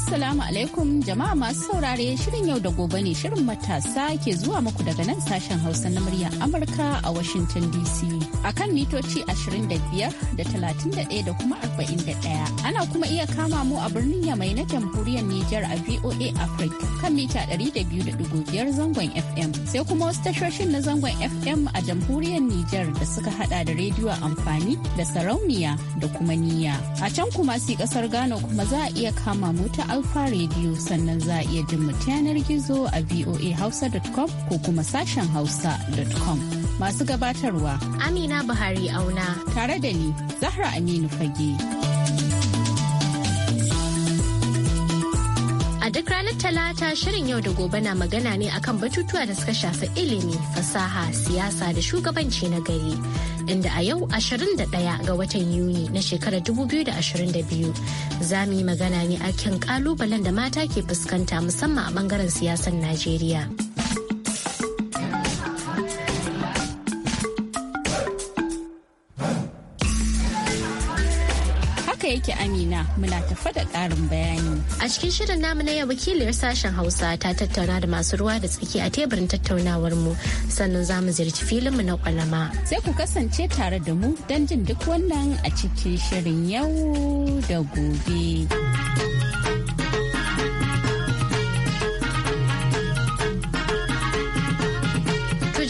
Assalamu alaikum jama'a masu saurare shirin yau da gobe ne shirin matasa ke zuwa muku daga nan sashen Hausa na muryar Amurka a Washington DC. a kan mitoci 25 da 31 da kuma 41. Ana kuma iya kama mu a birnin Yamai na jamhuriyar Nijar a VOA Africa kan mita 200.5 zangon FM. Sai kuma wasu tashoshin na zangon FM a jamhuriyar Nijar da suka hada da rediyo amfani da sarauniya da kuma niyya. A can kuma si kasar Ghana kuma za a iya kama mu ta Alfa Radio sannan za a iya jin mu yanar gizo a voahausa.com ko kuma sashen hausa.com. Masu gabatarwa Amina Buhari Auna tare da ni Zahra Aminu Fage. A duk ranar Talata shirin yau da gobe na magana ne akan batutuwa da suka shafi ilimi, fasaha, siyasa da shugabanci na gari. inda a yau 21 ga watan Yuni na shekarar 2022 za mu yi magana ne a kan kalubalen da mata ke fuskanta musamman a bangaren siyasar Najeriya. ki Amina muna tafa da ƙarin bayani. A cikin shirin namu na yau wakiliyar sashen Hausa ta tattauna da masu ruwa da tsaki a teburin tattaunawar mu sannan za mu ziyarci filin mu na kwalama. Sai ku kasance tare da mu don jin duk wannan a cikin shirin yau da gobe.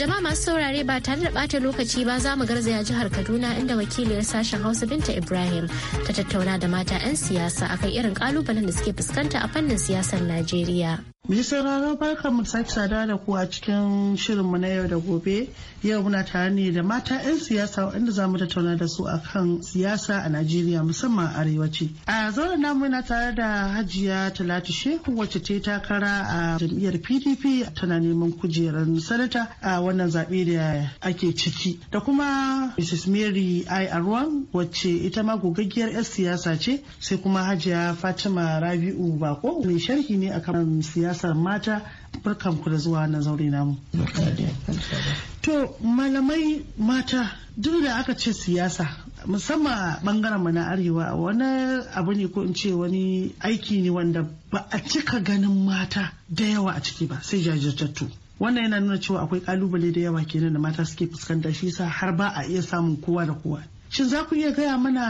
jama'a masu saurare ba tare da bata lokaci ba za mu garzaya jihar Kaduna inda wakiliyar sashen Hausa Binta Ibrahim ta tattauna da mata 'yan siyasa akan irin kalubalen da suke fuskanta a fannin siyasar Najeriya. Mai sauraro barkan mu sake saduwa da ku a cikin shirinmu na yau da gobe. Yau muna tare ne da mata 'yan siyasa waɗanda za mu tattauna da su akan siyasa a Najeriya musamman arewaci. A zauren namu na tare da Hajiya Talatu Shehu wacce ta yi takara a jam'iyyar PDP tana neman kujerar sanata a wannan zaɓe da ake ciki. Da kuma Mrs. Mary I. Arwan wacce ita ma gogaggiyar 'yan siyasa ce sai kuma Hajiya Fatima Rabi'u Bako mai sharhi ne akan siyasa ƙasar mata barkanku da zuwa na zaure namu. To malamai mata duk da aka ce siyasa musamman bangaren mu na arewa wani abu ne ko in ce wani aiki ne wanda ba a cika ganin mata da yawa a ciki ba sai jajirtattu. wannan yana nuna cewa akwai kalubale da yawa kenan da mata suke fuskanta shi sa har ba a iya samun kowa da kowa Shin za ku iya gaya mana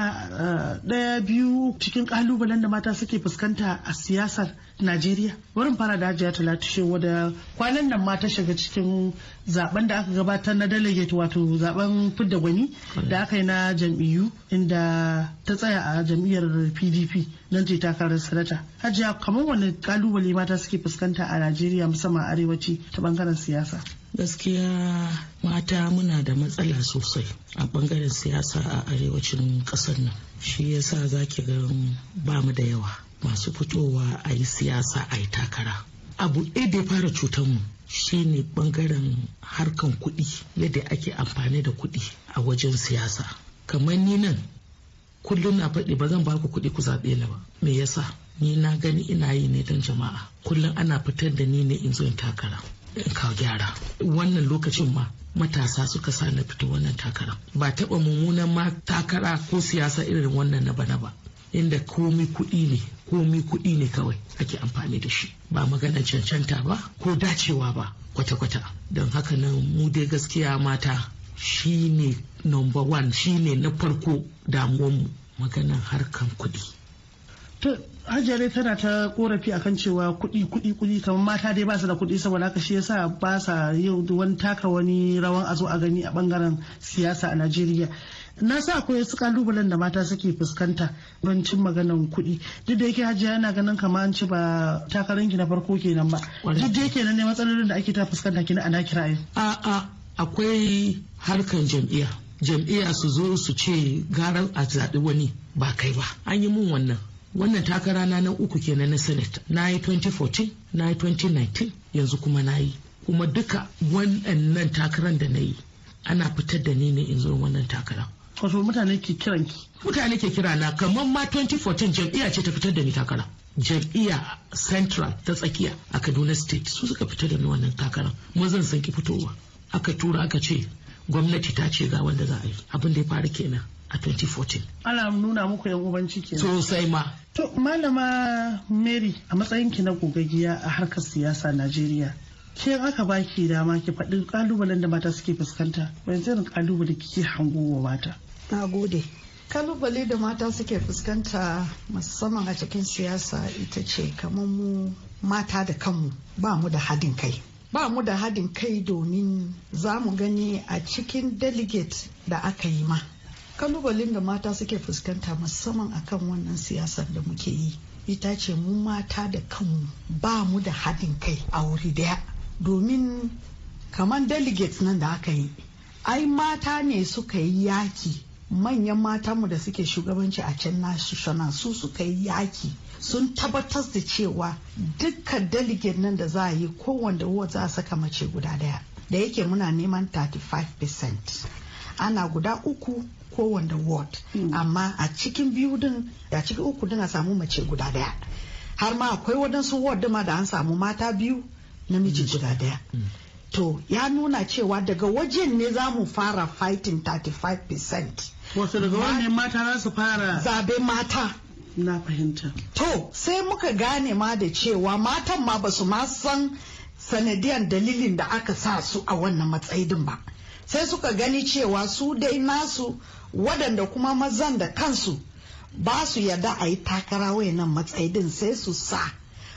eh, ɗaya biyu cikin kalubalen da mata suke fuskanta a siyasar Najeriya? Wurin fara da Hajiya Talatu Shehu da kwanan nan mata shiga cikin zaben da aka gabatar na delegate wato zaben fidda gwani da aka yi na jam'iyyu inda ta tsaya a jam'iyyar PDP don ce takarar sanata. Hajiya kamar wani kalubale mata suke fuskanta a Najeriya musamman arewaci ta bangaren siyasa? gaskiya mata muna da matsala sosai a bangaren siyasa a arewacin ƙasar nan shi yasa za ki ga ba mu da yawa masu fitowa a yi siyasa a yi takara abu ɗaya da ya fara cutanmu ne bangaren harkan kuɗi yadda ake amfani da kuɗi a wajen siyasa kamar ni nan kullum na faɗi ba zan baku kuɗi ku zaɓe ni ba me yasa ni na gani ina yi ne don jama'a kullum ana fitar da ni ne in zo in takara ka gyara wannan lokacin ma matasa suka sa na fito wannan takara ba taba mummunan ma takara ko siyasa irin wannan na bana ba inda komi kuɗi ne komi kuɗi ne kawai ake amfani da shi ba magana cancanta ba ko dacewa ba kwata-kwata don haka nan mu dai gaskiya mata shine number one shine na farko damuwanmu maganar harkan kuɗi hajjare tana ta korafi akan cewa kuɗi kuɗi kuɗi kamar mata dai ba da kuɗi saboda haka shi yasa ba sa yau wani taka wani rawan a zo a gani a bangaren siyasa a Najeriya. na sa akwai wasu kalubalen da mata suke fuskanta don cin maganan kuɗi duk da yake hajiya yana ganin kamar an ci ba takarar na farko kenan ba duk da yake nan ne matsalolin da ake ta fuskanta kina ana kirayen. a a akwai harkan jam'iyya jam'iyya su zo su ce garan a zaɓi wani ba kai ba an yi mun wannan wannan takara na nan uku kenan na senate na yi 2014 na yi 2019 yanzu kuma na yi kuma duka wannan takaran da na yi ana fitar da ni ne in zo wannan takaran wato mutane ke kiran ki mutane ke kira na kamar ma 2014 jam'iya ce ta fitar da ni takara jam'iyya central ta tsakiya a kaduna state su suka fitar da ni wannan takaran mu zan san ki fitowa aka tura aka ce gwamnati ta ce ga wanda za a yi abin da ya faru kenan a 2014 ana nuna muku yan ubanci ke sosai ma to malama mary a matsayin ki na gogaggiya a harkar siyasa najeriya ke aka baki dama ki faɗi kalubalen da mata suke fuskanta wani kalubalen kalubale kike hango wa mata na gode kalubale da mata suke fuskanta musamman a cikin siyasa ita ce kamar mu mata da kanmu ba mu da hadin kai ba mu da hadin kai domin za mu gani a cikin delegate da aka yi ma kalubalen da mata suke fuskanta musamman akan wannan siyasar da muke yi ita ce mu mata da kanmu ba mu da haɗin kai a wuri daya domin kamar delegates nan da aka yi ai mata ne suka yi yaki manyan matanmu da suke shugabanci a can national su suka yi yaki sun tabbatar da cewa dukkan delegate nan da za a yi kowanda ward za a saka mace guda daya da yake muna neman 35% ana guda uku kowanne ward hmm. amma a cikin biyu din a cikin uku din a samu mace guda daya har ma akwai wadansu ward ma da an samu mata biyu namiji guda daya hmm. to ya nuna cewa daga wajen ne za mu fara fighting 35% wasu daga wani mata za su fara zabe mata na fahimta to sai muka gane ma da cewa matan ma basu ma san sanadiyan dalilin da aka sa su a wannan matsayin ba sai suka gani cewa su dai nasu waɗanda kuma mazan da kansu ba su yarda a yi takara wayannan matsayin sai su sa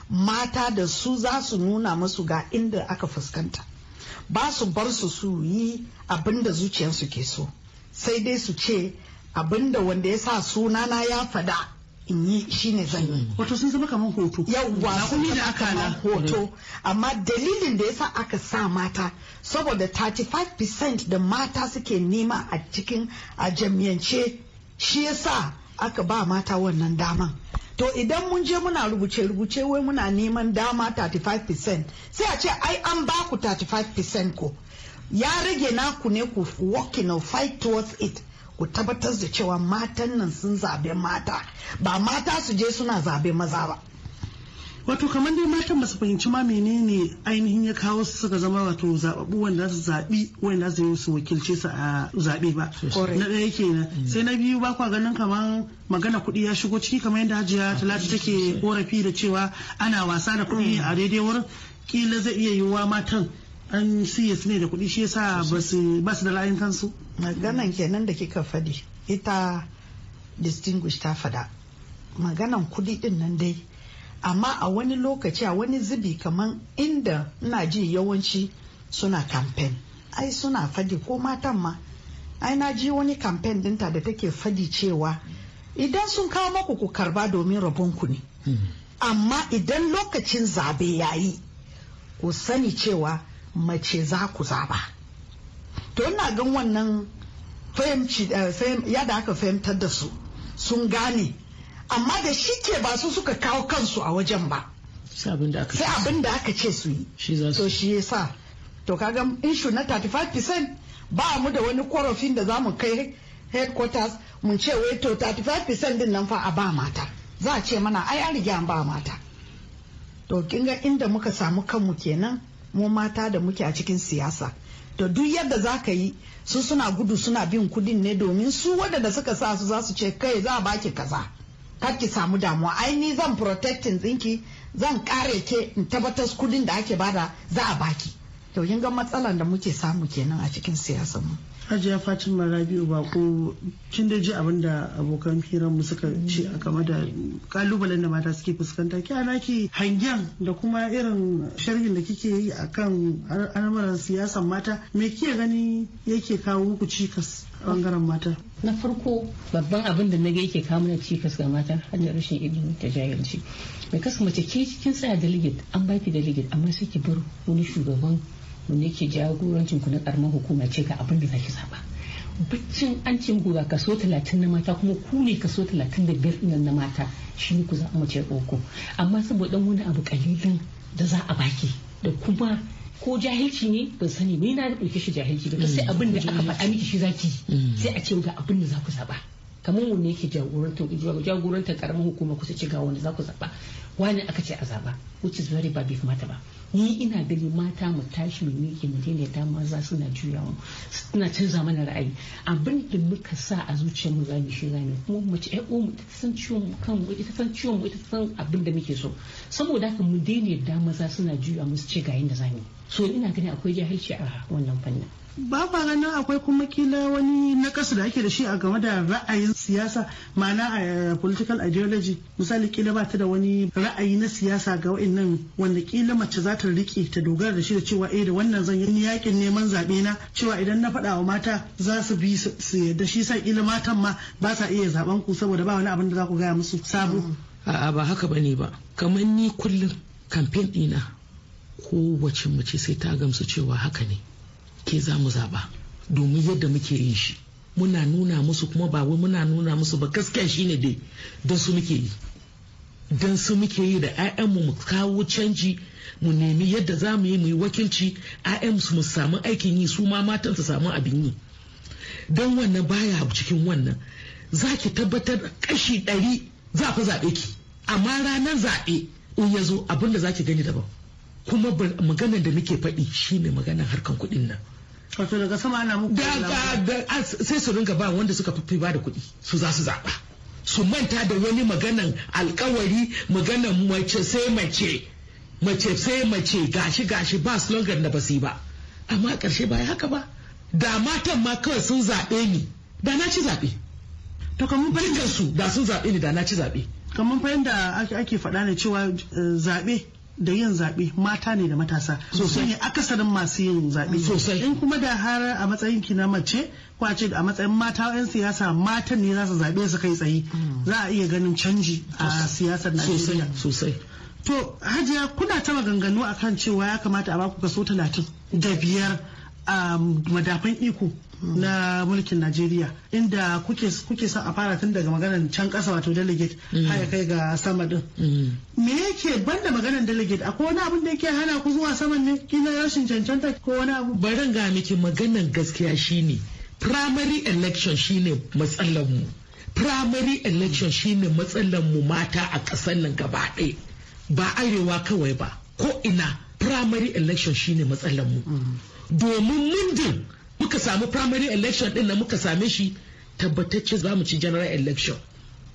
mata da su za su nuna masu ga inda aka fuskanta ba su bar su su yi abin da zuciyarsu ke so sai dai su ce abin da wanda ya sa sunana ya fada in yi shine zan yi wato sun zama kamar hoto yawwa sun zama kamar hoto amma dalilin da yasa aka sa mata saboda 35% da mata suke nema a cikin a jami'ance shi yasa aka ba mata wannan daman to idan mun je muna rubuce-rubuce wai muna neman dama 35% sai a ce ai an ba ku 35% ko ya rage naku ne ku walking or fight towards it ku tabbatar da cewa matan nan sun zabe mata ba mata su je suna zabe maza ba wato kamar dai matan ba su fahimci ma menene ainihin ya kawo su suka zama wato zababu wanda su zabi wanda su su wakilce su a zabe ba na ɗaya kenan mm. sai na biyu ba kwa ganin kamar magana kuɗi ya shigo ciki kamar yadda hajiya talatu take korafi da cewa ana wasa da kuɗi a daidai wurin kila zai iya yiwuwa matan an ne da kuɗi shi yasa ba su da layin kansu maganan kenan da kika faɗi ita distinguish ta faɗa maganan kuɗi ɗin nan dai amma a wani lokaci a wani zubi kaman inda ina ji yawanci suna kamfen ai suna fadi ko matan ma ai na ji wani kamfen dinta da take faɗi cewa idan sun kawo maku ku karba domin rabonku ne hmm. amma idan lokacin zabe yayi ku sani cewa mace za ku zaba to ina gan wannan fahimci eh, yadda aka fahimtar da su sun gane amma da shi ke ba su suka kawo kansu a wajen ba sai abin da aka ce su yi to shi ya sa to kaga inshu na 35% ba mu da wani korafin da za mu kai headquarters mun ce wai to 35% din nan fa a ba mata za a ce mana ai an riga an ba mata to kin inda muka samu kanmu kenan mu mata da muke a cikin siyasa to duk yadda za ka yi su suna gudu suna bin kudin ne domin su wadanda suka sa su za su ce kai za a baki kaza kar ki samu damuwa ai ni zan protecting tsinki zan kare ke in tabbatar kudin da ake bada za a baki to kin ga matsalan da muke samu kenan a cikin siyasar mu hajiya fatima rabiu bako kin da ji abin da abokan mu suka ce a game da kalubalen da mata suke fuskanta ki ana ki hangen da kuma irin sharhin da kike yi a kan al'amuran siyasar mata me kike gani yake kawo muku cikas bangaren mata na farko babban abin da nage yake kawo mana cikas ga mata hanyar rashin ilimi da jahilci mai kasa mace ke cikin tsaya da an baki da amma sai ki bar wani shugaban wanda yake jagorancin ku na karamar hukuma ce ga abin da zaki saba baccin an ce muku kaso 30 na mata kuma ku ne kaso 35 ɗin na mata shi ne ku za a mace uku amma saboda wani abu kalilin da za a baki da kuma ko jahilci ne ban sani ni na dauke shi jahilci ba sai mm. abin da aka faɗa miki shi zaki mm. sai a ce ga abin da za ku saba kamar wanne yake jagorantar jagorantar karamar hukuma ku ce ga wanda za ku zaba wani aka ce a zaba which is very bad if kamata ba ni ina gani mata mu tashi mu miƙe mu daina daidaita maza suna juyawa suna canza mana ra'ayi abin da muka sa a zuciya mu zamu shi zamu kuma mace ai mu ta san ciwon mu kan mu ita san ciwon mu ita san abin da muke so saboda haka mu daina daidaita maza suna juya mu su ce ga yanda mu so ina gani akwai jahilci a wannan fannin ba kwa ganin akwai kuma kila wani nakasu da ake da shi a game da ra'ayin siyasa ma'ana a eh, political ideology misali kila ba ta da wani ra'ayi na siyasa ga wa'annan wanda kila mace za ta riƙe ta dogara da shi da cewa eh da wannan zan yi yakin neman zaɓe na cewa idan na faɗa wa mata za su bi su da shi sa kila matan ma ba sa iya zaɓen ku saboda ba wani abin da za ku gaya musu sabo a'a ba haka ne ba kamar ni kullum kamfen ɗina kowace mace sai ta gamsu cewa haka ne ke za mu zaba domin yadda muke yin shi muna nuna musu kuma ba wai muna nuna musu ba gaskiya shine dai don su muke yi don su muke yi da 'ya'yanmu mu kawo canji mu nemi yadda za mu yi mu yi wakilci 'ya'yan su mu samu aikin yi su ma matan su samu abin yi don wannan baya cikin wannan za ki tabbatar kashi ɗari za ku zaɓe ki amma ranar zaɓe in ya zo abin da za ki gani daban kuma maganar da muke faɗi shine maganar harkar kuɗin nan wato daga sama ana muku da sai su rinka ba wanda suka fi ba da kuɗi su za su zaɓa su manta da wani maganan alkawari maganan mace sai mace mace sai mace gashi gashi ba slogan da ba su yi ba amma ƙarshe ba haka ba da matan ma kawai sun zaɓe ni da na ci zaɓe to kamar fahimta su da sun zaɓe ni da na ci zaɓe kamar fahimta ake faɗa ne cewa eh, zaɓe da yin zaɓe mata ne da matasa sosai ne akasarin masu yin zaɓe sosai in kuma da har a matsayin ki na mace ko a ce a matsayin mata 'yan siyasa matan ne za su zaɓe su kai tsaye hmm. za a iya ganin canji a siyasar Najeriya sosai to hajiya kuna ta maganganu akan cewa ya kamata a baku kaso talatin da biyar a um, madafan iko na mulkin Najeriya inda kuke sa a fara tun daga maganar can kasa wato delegate mm. har ya kai ga sama din mm. me yake banda maganar delegate akwai wani abin da yake hana ku zuwa saman ne kina rashin cancanta ko wani abu bari ga miki maganar gaskiya shine primary election shine matsalar mu primary election shine matsalar mu mata a kasar nan gaba ɗaya ba arewa kawai ba ko ina primary election shine matsalar mu mm. domin mundin muka samu primary election din na muka same shi tabbatacce za mu ci general election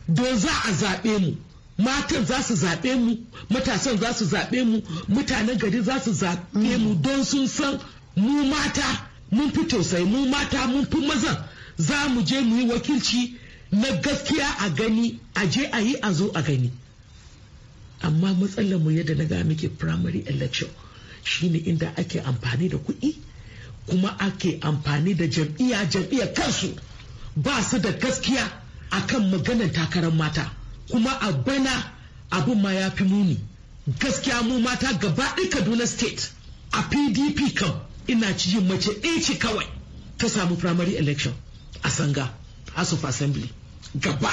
don za a zaɓe mu matan za su zaɓe mu matasan za su zaɓe mu mutanen gari za su zaɓe mu mm. don sun san mu mata mun fi tausayi mu mata mun fi mazan za mu je mu yi wakilci na gaskiya a gani a je a yi a zo a gani amma matsalar mu yadda na ga muke primary election shine inda ake amfani da kuɗi kuma ake amfani da jam'iyya jam'iyya kansu ba su da gaskiya a kan maganar takarar mata kuma a bana abin ma ya fi muni gaskiya mu mata gaba kaduna state a pdp kam ina cikin mace ɗaya kawai ta samu primary election a sanga house of assembly gaba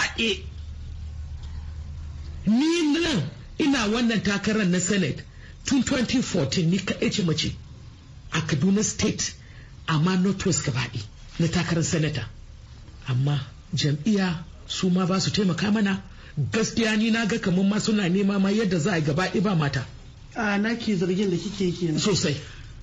ni nan ina wannan takarar na senate tun 2014 ni kaɗai ce mace a kaduna state amma northwest gabaɗi na takarar senata amma jam'iyya su ma ba su taimaka mana gaskiya ni na ga kamar ma suna nema ma yadda za a gaba ba mata a na ke zargin da kike kenan sosai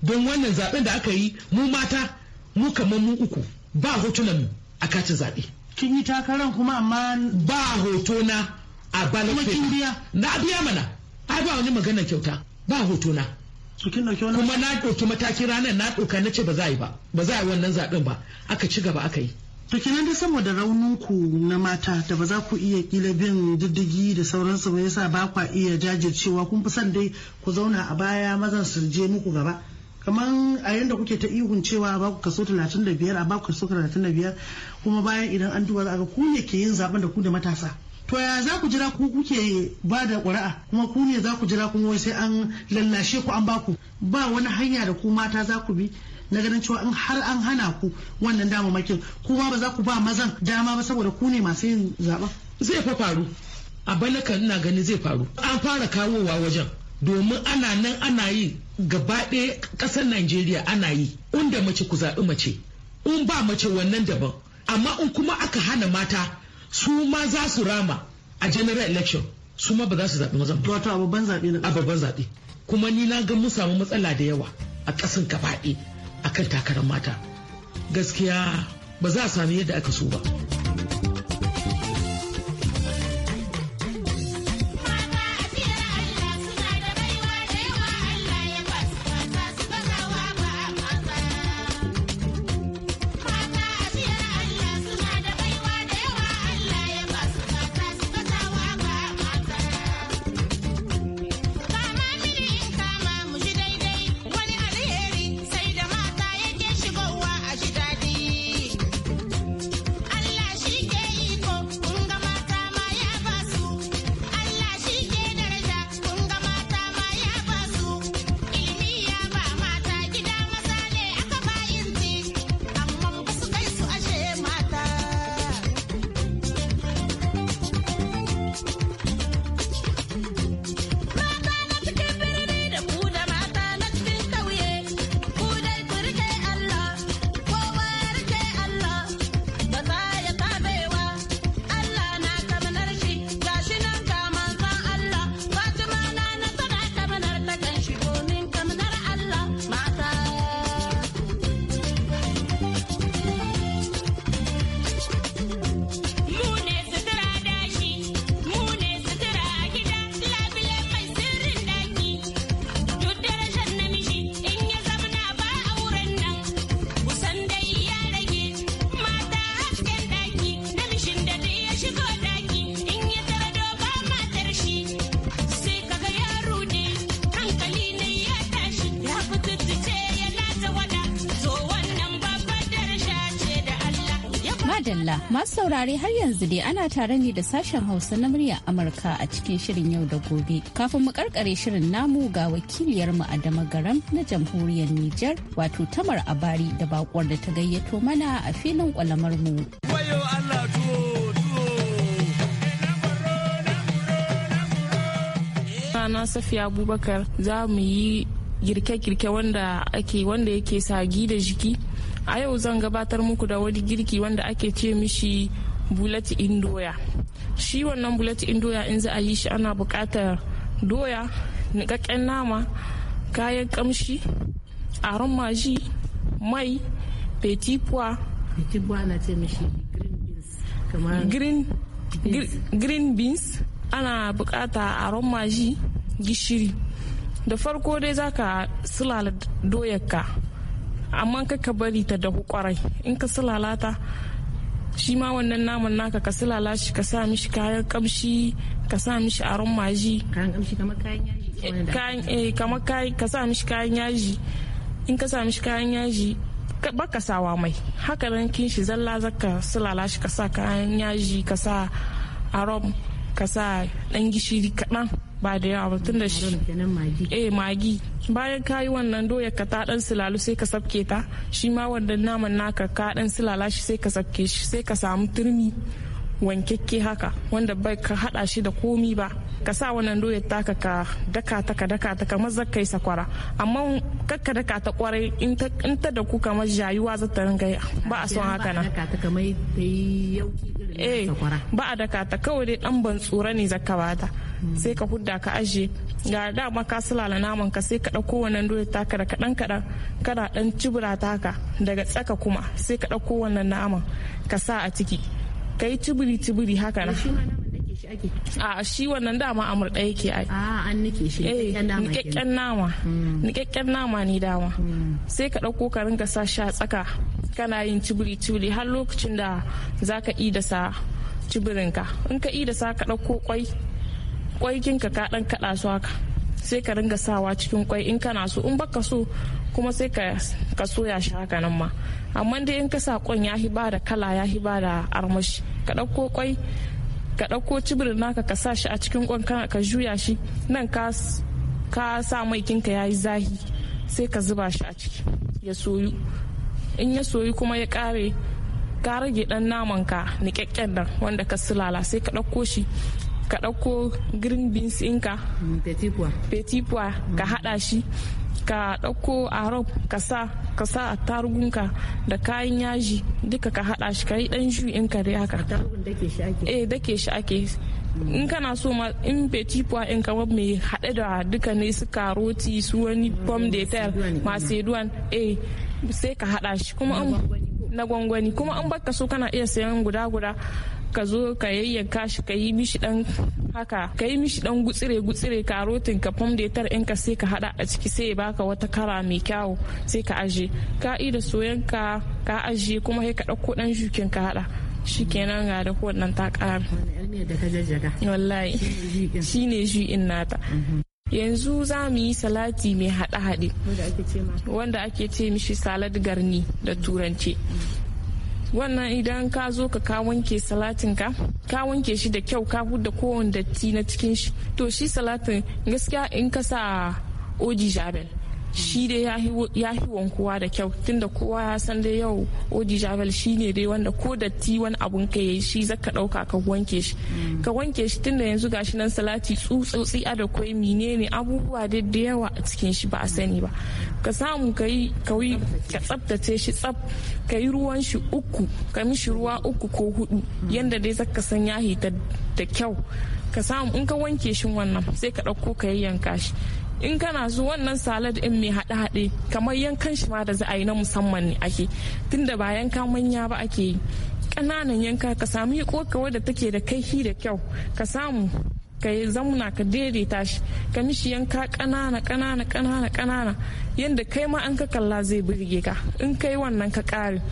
don wannan zaben da aka yi mu mata mu kamar mu uku ba hotunan a kacin zaɓe kin yi takarar kuma amma ba hoto na a biya na biya mana ai ba wani magana kyauta ba hotona kuma na ɗauki mataki ranar na ɗauka na ce ba za a yi ba ba za a yi wannan zaɓen ba aka ci gaba aka yi to kenan dai saboda raunin ku na mata da ba za ku iya kila bin diddigi da sauransu ba yasa ba kwa iya jajircewa kun fi son dai ku zauna a baya mazan su je muku gaba kamar a yadda kuke ta ihun cewa ba ku kaso 35 a ba ku kaso 35 kuma bayan idan an duba za a ga ku ne ke yin zaben da ku da matasa to ya za ku jira ku kuke ba da ƙuri'a kuma ku ne za ku jira kuma wai sai an lallashe ku an baku ba wani hanya da ku mata za ku bi na ganin cewa in har an hana ku wannan damamakin kuma ba za ku ba mazan dama ba saboda ku ne masu yin zaɓen. zai fa faru a balaka ina gani zai faru an fara kawowa wajen domin ana nan ana yi gaba ɗaya ƙasar najeriya ana yi inda mace ku zaɓi mace in ba mace wannan daban amma in kuma aka hana mata su ma za su rama a general election su ma ba za su zaɓi mazan ba. Wato a babban zaɓe na A babban zaɓe. Kuma ni na ga mun samu matsala da yawa a ƙasan ɗaya a kan takarar mata. Gaskiya ba za a sami yadda aka so ba. Madalla masu saurare har yanzu dai ana tare ne da sashen Hausa na murya Amurka a cikin shirin yau da gobe. Kafin mu karkare shirin namu ga wakiliyar mu Adama Garam na jamhuriyar Nijar wato Tamar Abari da bakwar da ta gayyato mana a filin kwalamar mu. Sana Safiya Abubakar za mu yi girke-girke wanda wanda yake sagi da jiki a yau zan gabatar muku da wani girki wanda ake ce mishi bulati in doya shi wannan bulati in doya in za a yi shi ana buƙatar doya niƙaƙƙen nama kayan ƙamshi aron maji mai petit pois petit ana ce mishi green beans green beans ana buƙata aron maji gishiri da farko dai zaka sulala doyarka amma ka ka bari ta dahu kwarai in ka sulalata shi ma wannan naman naka ka sulala shi ka sa mishi kayan kamshi ka sa mishi aron maji eh, ka sa mishi kayan yaji in ka sa mishi kayan yaji baka sawa mai haka nan kin shi zalla zaka sulala shi ka sa kayan yaji ka sa aron ka sa dan gishiri kaɗan ba da yawa ba tun da shi eh magi bayan ka yi wannan doya ka ta dan silalu sai ka sabke ta shi ma wannan naman naka ka dan silala shi sai ka sabke shi sai ka samu turmi wankekke haka wanda bai ka hada shi da komi ba ka sa wannan doya taka ka daka ta ka daka ta kamar zakka sakwara amma kakka daka ta kwarai in ta da ku kamar jayuwa za ta ringa ba a son haka na eh, ba a daka ta kawai dai dan ban tsura ne zakka bata hmm. sai ka hudda ka ajiye ga dama ka sulala naman ka sai ka dauko wannan doya taka da kadan kadan kada dan cibura taka daga tsaka kuma sai ka dauko wannan naman ka sa a ciki kai tubiri tubiri haka na a shi wannan dama a murɗa yake a an nike shi eh, nikakken nama nikakken hmm. nama ne dama hmm. sai ka ɗauko ka ringa sa sha tsaka kana yin tubiri tubiri har lokacin da za ka ida sa cibirinka in ka ida sa ka ɗauko kwai kwai ka ɗan kaɗa su haka sai ka ringa sawa cikin kwai in kana so in baka so kuma sai ka soya shi haka nan ma amma dai in ka sa kwan ya hiba da kala ya hiba da armashi ka ɗauko kwai ka ɗauko cibirin naka ka sa shi a cikin kana ka juya shi nan ka sa mai kinka ya yi zahi sai ka zuba shi a ciki ya soyu in ya soyu kuma ya kare ka rage ɗan naman ka niƙaƙƙen nan wanda ka sulala sai ka ɗauko shi ka ɗauko green beans ɗinka mm, petit pois ka haɗa shi ka ɗauko a rob kasa sa a tarugunka da kayan yaji duka ka hada shi ka yi ɗan ju in ka dai haka eh dake shi ake in kana so ma in petit pois in kama mai haɗe da duka ne su karoti su wani pom de terre macedon eh sai ka hada shi kuma na gwangwani kuma an baka so kana iya sayan guda guda ka zo ka yayyanka shi ka yi mishi dan haka ka yi mishi dan gutsire gutsire karotin ka fam in ka sai ka hada a ciki sai ya baka wata kara mai kyawu sai ka aje ka da soyan ka aje kuma sai ka dauko dan jukin ka hada kenan ga da wannan ta kara wallahi shine nata mhm. yanzu za mu yi salati mai haɗe-haɗe wanda ake ce mishi salad garni da turanci mhm. wannan idan ka zo ka ka wanke salatin ka ka wanke shi da kyau ka hudda kowane datti na cikin shi to shi salatin gaskiya in ka sa oji jabel shi dai ya fi wankuwa da kyau tunda kowa ya san dai yau odi javel shi ne dai wanda ko datti wani abun ka yi shi zaka ɗauka ka wanke shi ka wanke shi tunda yanzu gashi nan salati tsutsotsi a da kwai menene abubuwa da yawa a cikin shi ba a sani ba ka samu ka yi ka tsabtace shi tsab ka yi ruwan shi uku ka mishi ruwa uku ko hudu yanda dai zaka san ya hita da kyau ka samu in ka wanke shi wannan sai ka ɗauko ka yayyanka shi in kana so wannan salad in mai haɗe-haɗe kamar yankan shi ma da za a yi na musamman ne ake tunda ba yanka manya ba ake yi ƙananan yanka ka samu yi wadda take da kaihi da kyau ka samu ka yi zamuna ka daidaita shi ka mishi yanka ƙanana ƙanana ƙanana ƙanana yadda kai ma an ka kalla zai burge ka in kai wannan ka kare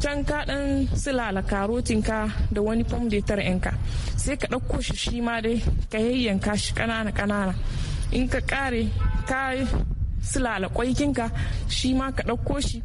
can ka ɗan silala karotin ka da wani fom da yanka sai ka ɗauko shi shi ma dai ka yayyanka shi ƙanana ƙanana. in ka kare ka sulala kwaikinka shi ma ka ɗauko shi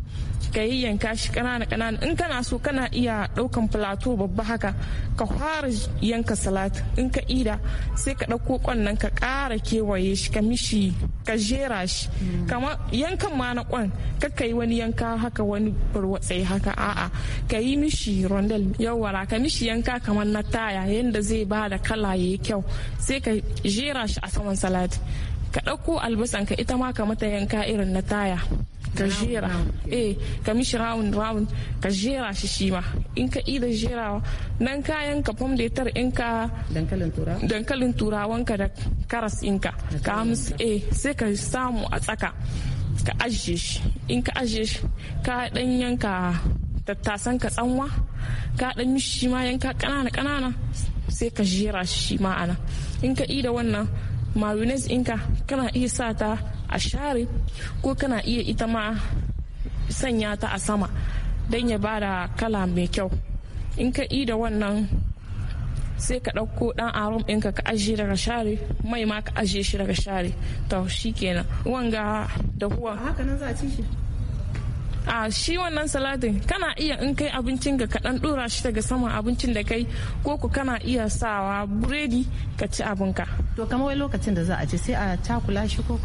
ka yi yanka shi kanana kanana in kana so kana iya daukan plateau babba haka ka fara yanka salat in ka ida sai ka dauko kwannan ka kara kewaye shi ka mishi ka jera shi kama yankan ma na kwan ka yi wani yanka haka wani tsaye haka a'a ka yi mishi rondel yawara ka mishi yanka kamar na taya yadda zai ba da kala yayi kyau sai ka jera shi a saman salat ka ɗauko albasan ka ita ma ka mata yanka irin na taya ka jera eh ka mishi round round ka jera shi shi ma in ka ida jerawa nan kayan ka fom letar in ka dankalin turawa wanka da karas in ka ka hamsu eh sai ka samu a tsaka ka ajiye shi in ka ajiye shi ka dan yanka tattasan ka tsanwa ka dan mishi shi ma yanka kanana kanana sai ka jera shi ma ana in ka ida wannan mayonnaise inka kana iya sa ta a share ko kana iya ita ma sanya ta a sama don ya bada kala mai kyau in ka da wannan sai ka ɗauko ɗan aron ɗinka ka ajiye daga share mai ma ka ajiye shi daga share to shi kenan wanga da huwa haka nan za a ci shi a shi wannan salatin kana iya in kai abincin ga kaɗan ɗora shi daga saman abincin da kai ko ku kana iya sawa buredi ka ci abinka to kamar wai lokacin da za a ci sai a cakula shi ko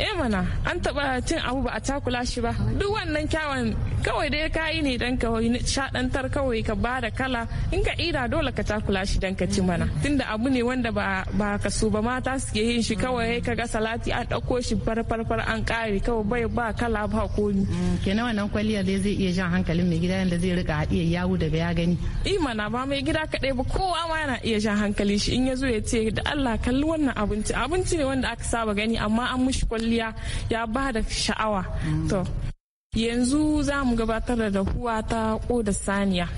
eh mana an taba cin abu ba a takula shi ba duk wannan kyawun kawai dai ka yi ne dan kawai shaɗantar kawai ka ba da kala in ka ira dole ka takula shi dan ka ci mana tunda abu ne wanda ba ka so ba mata suke yin shi kawai ka ga salati an ɗauko shi farfarfar an ƙare kawai bai ba kala ba komi. Mm, kenan wannan kwalliya dai zai iya jan hankalin mai gida yadda zai rika haɗiya yawo daga ya gani. i eh, mana ba mai gida kaɗai ba kowa ma yana iya jan hankalin shi in ya zo ya ce da Allah kalli wannan abinci abinci ne wanda aka saba gani amma an mushi kwalli. kwalliya ya ba da sha'awa to yanzu za mu gabatar da dahuwa ta koda saniya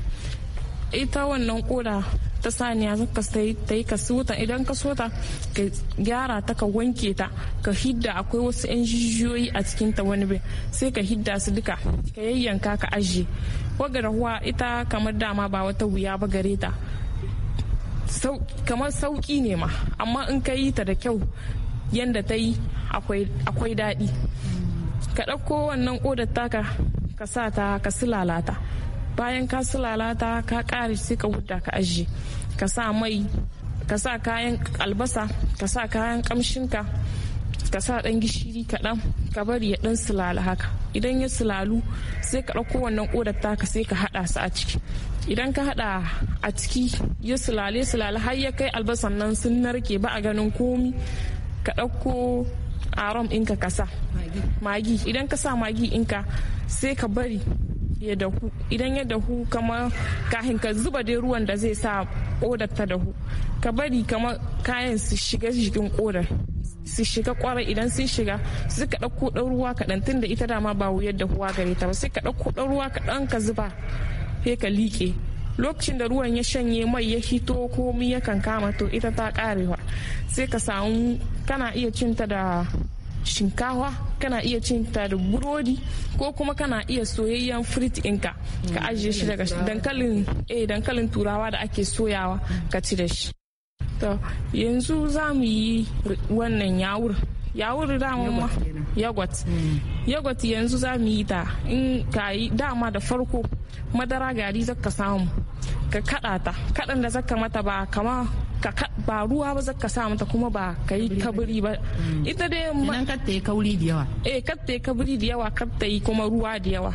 ita wannan koda ta saniya zaka sai ta yi idan ka ta ka gyara ta ka wanke ta ka hidda akwai wasu 'yan jijiyoyi a cikin ta wani bai sai ka hidda su duka ka yayyanka ka ajiye wagar dahuwa ita kamar dama ba wata wuya ba gare ta kamar sauki ne ma amma in ka yi ta da kyau yanda ta yi akwai daɗi ka ɗauko wannan ƙodar taka ka sa ta ka sulalata bayan ka sulalata ka ƙare sai ka huta ka ajiye ka sa mai ka sa kayan albasa ka sa kayan ƙamshinka ka sa ɗan gishiri kaɗan ka bari ya ɗan sulala haka idan ya sulalu sai ka ɗauko wannan ƙodar taka sai ka haɗa su a ciki idan ka haɗa a ciki ya sulale sulale har ya kai albasan nan sun narke ba a ganin komi ka ɗauko a rom ɗinka ka sa magi idan ka sa magi ɗinka sai ka bari ya dahu idan ya dahu kama kahin ka zuba dai ruwan da zai sa odar ta dahu ka bari kama kayan su shiga jikin kodar su shiga kwarai idan sun shiga su ka ɗauko ɗan ruwa kaɗan tun da ita dama ba wuyar dahuwa gare ta ba sai ka ɗauko ɗan ruwa kaɗan ka zuba sai ka liƙe lokacin da ruwan ya shanye mai ya hito komi ya kankama to ita ta karewa sai ka samu kana iya cinta da shinkawa kana iya cinta da burodi ko kuma kana iya soyayyen frit inka ka mm. ajiye shi daga dankalin eh dankalin turawa da ake soyawa ka ci da shi to yanzu za mu yi wannan yawur yawur ma yogurt mm. yogurt yanzu za mu yi ta in ka yi dama da farko madara gari zaka samu ka kada ta kadan da zaka mata ba kama ba ruwa ba zaka sa mata kuma ba ka yi kabiri ba mm. ita dai idan kar ta yi kauri da yawa eh kar ta yi kabiri da yawa kar ta yi kuma ruwa da yawa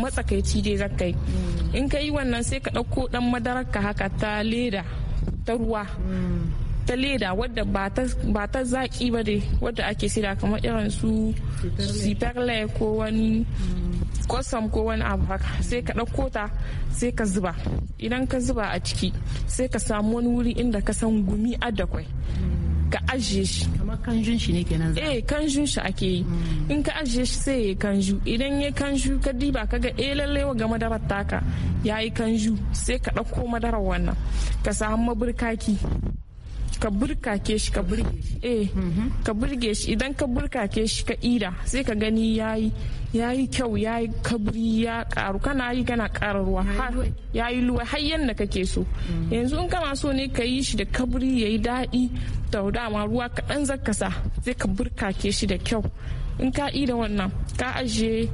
matsakaici dai zaka yi mm. in ka yi wannan sai ka dauko dan madarar ka haka ta leda ta ruwa mm. ta leda wadda ba ta zaƙi ba dai wadda ake sida kamar irin su siperle ko wani kwasam ko wani abu haka sai ka ɗauko ta sai ka zuba idan ka zuba a ciki sai ka samu wani wuri inda ka san gumi adakwai ka ajiye shi kamar kanjun shi ne kenan eh kanjun shi ake yi hmm. in ka ajiye shi sai ya kanju idan ya kanju ka diba ka ga eh lalle wa ga madarar taka yayi kanju sai ka ɗauko madarar wannan ka samu maburkaki ka ke shi ka burge shi eh ka burge shi idan ka ke shi ka ira sai ka gani yayi yayi kyau yayi kaburi ya karu kana yi kana kararwa har yayi luwa har yanda kake so yanzu in kana so ne ka yi shi da kaburi yayi daɗi da dama ruwa kaɗan zakasa sai ka ke shi da kyau in ka ida wannan ka ajiye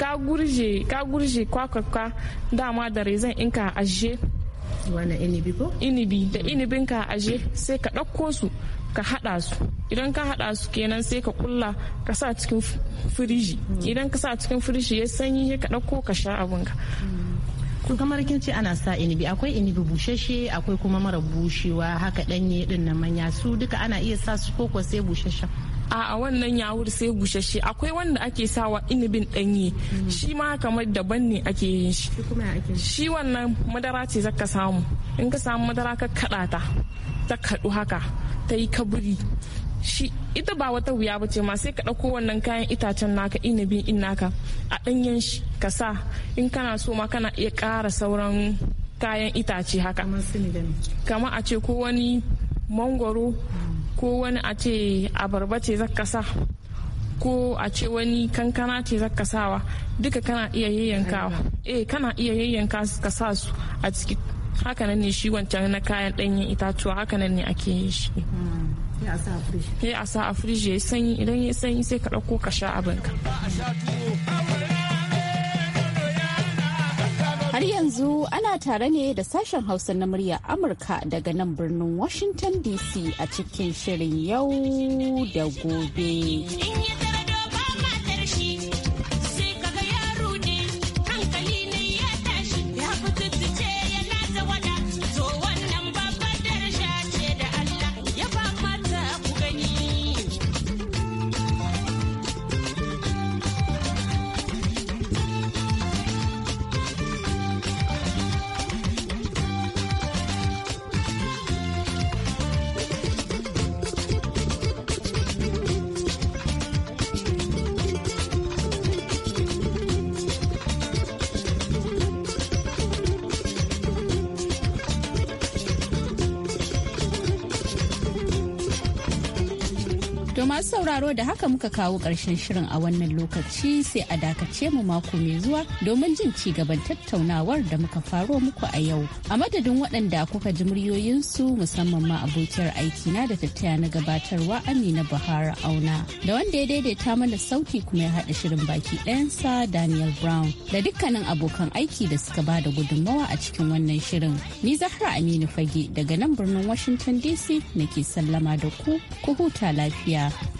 ka gurje ka gurje kwakwakwa dama da rezan in ka ajiye wani inibi ko inibi da inibin ka aje sai ka ɗauko su ka haɗa su idan ka haɗa su kenan sai ka kulla ka sa cikin firiji idan ka sa cikin firiji ya sanyi ka ɗauko ka sha abinka to kamar kin ce ana sa inibi akwai inibi bushashe akwai kuma mara bushewa haka ɗanye ɗin na manya su duka ana iya sa su koko sai bushashen a'a wannan yawur sai gushashe akwai wanda ake sawa inibin danye shi ma kamar daban ne ake yin shi shi wannan madara ce zaka samu in ka samu madara ka kada ta ta kadu haka ta yi kaburi shi ita ba wata wuya ba ce ma sai ka ɗauko wannan kayan itacen naka inibin in naka a ɗanyen shi ka sa in kana so ma kana iya ƙara sauran kayan itace haka kama a ce ko wani mangoro ko wani a ce abarba ce zaka sa ko a ce wani kankana ce zaka sawa duka kana iya yayyankawa eh kana iya yayyanka ka sa su a ciki hakanan ne shi wancan na kayan ɗanyen itatuwa hakanan ne ake yin shi ya hmm, a sa a firiji ya sanyi idan ya sanyi sai ka ɗauko ka sha abinka. Har yanzu ana tare ne da sashen Hausa na murya Amurka daga nan birnin Washington DC a cikin shirin yau da gobe. To masu sauraro da haka muka kawo ƙarshen shirin a wannan lokaci sai a dakace mu mako mai zuwa domin jin ci gaban tattaunawar da muka faro muku a yau. A madadin waɗanda kuka ji muryoyinsu musamman ma abokiyar aiki na da tattaya na gabatarwa Amina buhari Auna. Da wanda ya daidaita mana sauti kuma ya haɗa shirin baki ɗayansa Daniel Brown. Da dukkanin abokan aiki da suka ba da gudunmawa a cikin wannan shirin. Ni Zahra Aminu Fage daga nan birnin Washington DC nake sallama da ku, ku huta lafiya. podcast.